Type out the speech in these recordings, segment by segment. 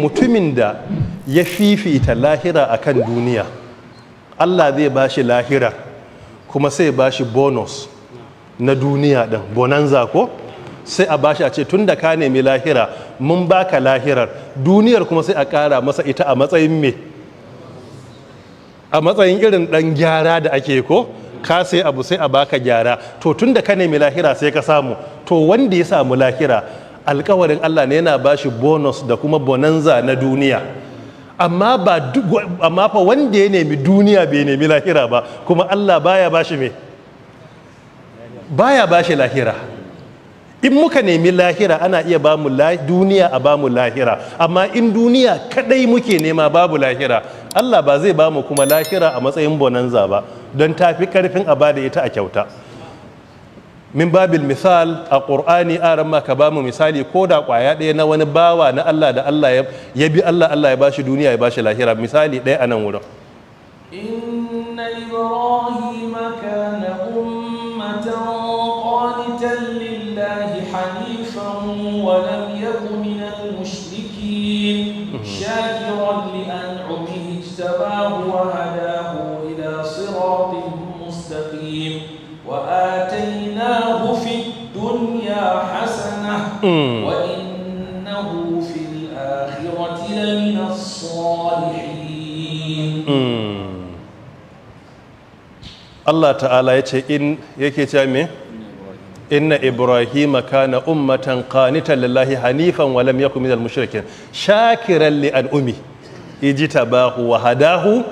mutumin da ya fifita lahira a kan duniya allah zai ba shi lahira kuma sai ba shi bonus na duniya ɗin bonanza ko sai a ba shi a ce tun da ka nemi lahira mun baka lahirar duniyar kuma sai a ƙara masa ita a matsayin me a matsayin irin ɗan gyara da ake ko ka sai abu sai a baka gyara to tun da ka nemi lahira sai ka samu to wanda ya samu lahira alkawarin Allah ne yana bashi bonus da kuma bonanza na duniya amma ba amma fa wanda ya nemi duniya bai nemi lahira ba kuma Allah baya bashi me baya bashi lahira in muka nemi lahira ana iya ba mu duniya a ba mu lahira amma in duniya kadai muke nema babu lahira Allah ba zai ba mu kuma lahira a matsayin bonanza ba don tafi karfin a ba da ita a kyauta min babil misal a ƙur'ani aran ma ka ba mu misali ko da ƙwaya ɗaya na wani bawa na Allah da Allah ya bi Allah Allah ya bashi duniya ya bashi lahira misali ɗaya a nan wurin inna ibrahima kana ummatan qanitan lillahi hanifan wa lam yakun minal mushrikin mhm. shakiran li an'amihi وآتيناه في الدنيا حسنة hmm. وإنه في الآخرة لمن الصالحين hmm. Allah ta'ala ya ce in me inna Ibrahim kana ummatan qanitan lillahi hanifan wa lam yakun minal mushrikin shakiran li an'umi ijtabahu wa hadahu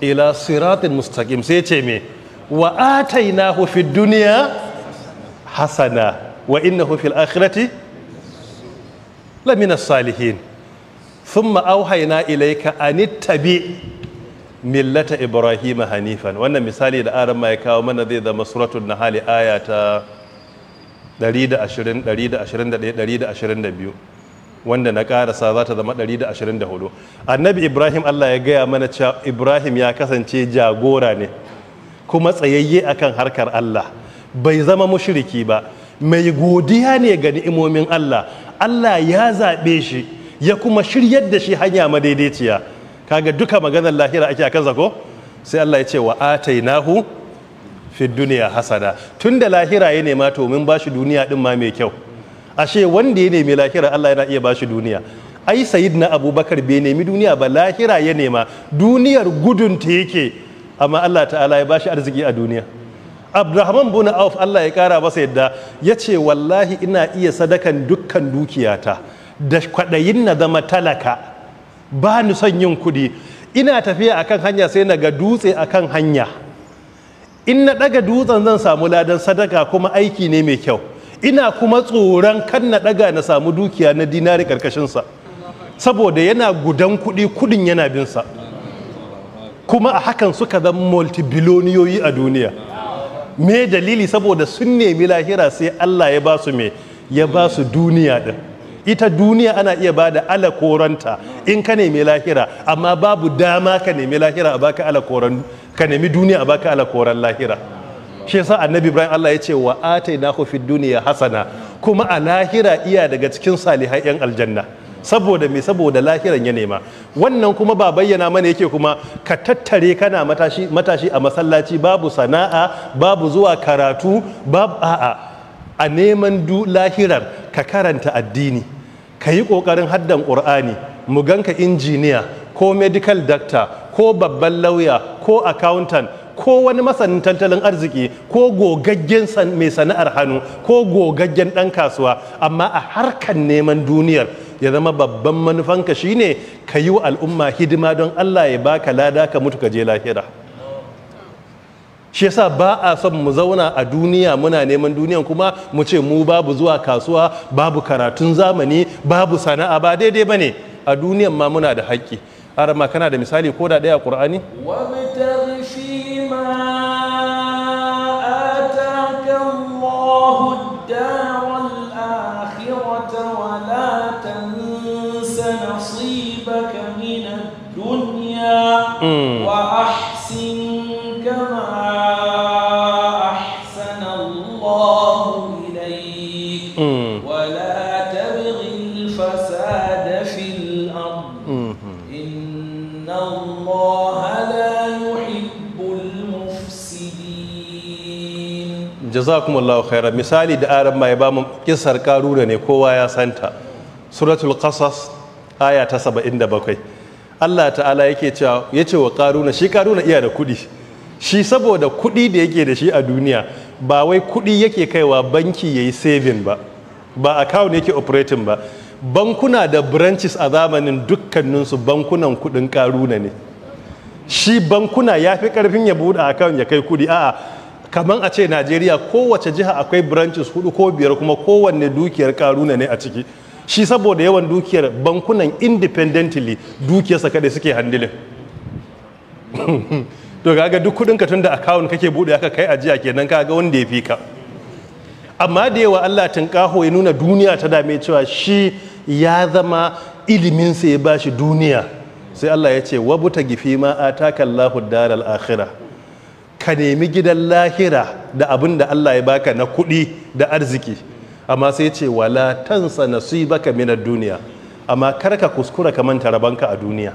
ila siratin mustaqim sai ce me wa atainahu fid dunya hasana wa innahu fil akhirati lamina salihin thumma auhayna ilayka anittabi millata ibrahima hanifan wannan misali da aran ya kawo mana zai zama suratul nahl aya ta 120 121 wanda na karasa za ta zama 124 annabi ibrahim allah ya gaya mana cewa ibrahim ya kasance jagora ne kuma tsayayye akan harkar Allah bai zama mushriki ba mai godiya ne ga ni'imomin Allah Allah ya zaɓe shi ya kuma shiryar da shi hanya madaidaiciya kaga duka maganar lahira ake akan zako sai Allah ya ce wa atainahu fi duniya hasada tunda lahira ya nema to mun bashi duniya din ma mai kyau ashe wanda ya nemi lahira Allah yana iya bashi duniya ai sayyidina abubakar bai nemi duniya ba lahira ya nema duniyar gudun ta yake amma Allah ta'ala ya bashi arziki a duniya Abdurrahman buna Auf Allah ya kara masa yadda ya ce wallahi ina iya sadakan dukkan dukiyata da kwaɗayin na zama talaka ba ni son yin kuɗi ina tafiya akan hanya sai na ga dutse akan hanya in na ɗaga dutsen zan samu ladan sadaka kuma aiki ne mai kyau ina kuma tsoron kan na ɗaga na samu dukiya na dinari ƙarƙashinsa saboda yana gudan kuɗi kuɗin yana binsa kuma a hakan suka zan multibiloniyoyi a duniya me dalili saboda sun nemi lahira sai Allah ya ba su me ya ba su duniya din ita duniya ana iya ba da alakoranta in ka nemi lahira amma babu dama ka nemi lahira a baka alakoran ka nemi duniya a baka alakoran lahira shi yasa annabi ibrahim Allah ya ce wa na fid duniya hasana kuma a lahira iya daga cikin salihai yan aljanna saboda me saboda lahiran ya nema wannan kuma ba bayyana mana yake kuma ka tattare kana matashi a masallaci babu sana'a babu zuwa karatu babu a'a a neman du lahiran ka karanta addini ka yi ƙoƙarin haddan ƙur'ani mu ganka injiniya ko medical doctor ko babban lauya ko accountant ko wani masanin tattalin arziki ko gogaggen mai sana'ar hannu ko gogaggen ɗan kasuwa amma a harkar neman duniyar ya zama babban manufanka shine ka yi wa al'umma hidima don Allah ya baka lada ka mutu ka je lahira shi yasa ba a son mu zauna a duniya muna neman duniyan kuma mu ce mu babu zuwa kasuwa babu karatun zamani babu sana'a ba daidai ba ne. a duniyan ma muna da haƙƙi arama kana da misali ko da ɗaya ƙur'ani وأحسن كما أحسن الله إليك ولا تبغ الفساد في الأرض إن الله لا يحب المفسدين جزاكم الله خيرا مثالي da aran mai ba mu kisar karuna ne kowa ya santa suratul qasas aya ta 77 Allah ta'ala yake cewa ya ce wa karuna shi karuna iya da kuɗi shi saboda kuɗi da yake da shi a duniya ba wai kuɗi yake kaiwa banki ya yi saving ba ba account yake operating ba bankuna da branches a zamanin dukkaninsu bankunan kuɗin karuna ne shi bankuna ya fi ƙarfin ya buɗe account ya kai kuɗi a'a kamar a ce najeriya kowace jiha akwai branches hudu ko biyar kuma kowanne dukiyar karuna ne a ciki shi saboda yawan dukiyar bankunan independently dukiyarsa kada suke handilin to kaga duk kudin ka tunda account kake bude aka kai ajiya kenan kaga wanda ya fi ka amma da yawa Allah kaho ya nuna duniya ta dame cewa shi ya zama ilimin sa ya bashi duniya sai Allah ya ce wa wabuta gifi ma ataka Allahu daral akhira. ka nemi gidan lahira da abin da Allah ya baka na kuɗi da arziki amma sai ce wala tansa baka minad duniya amma karka kuskura ka manta rabanka a duniya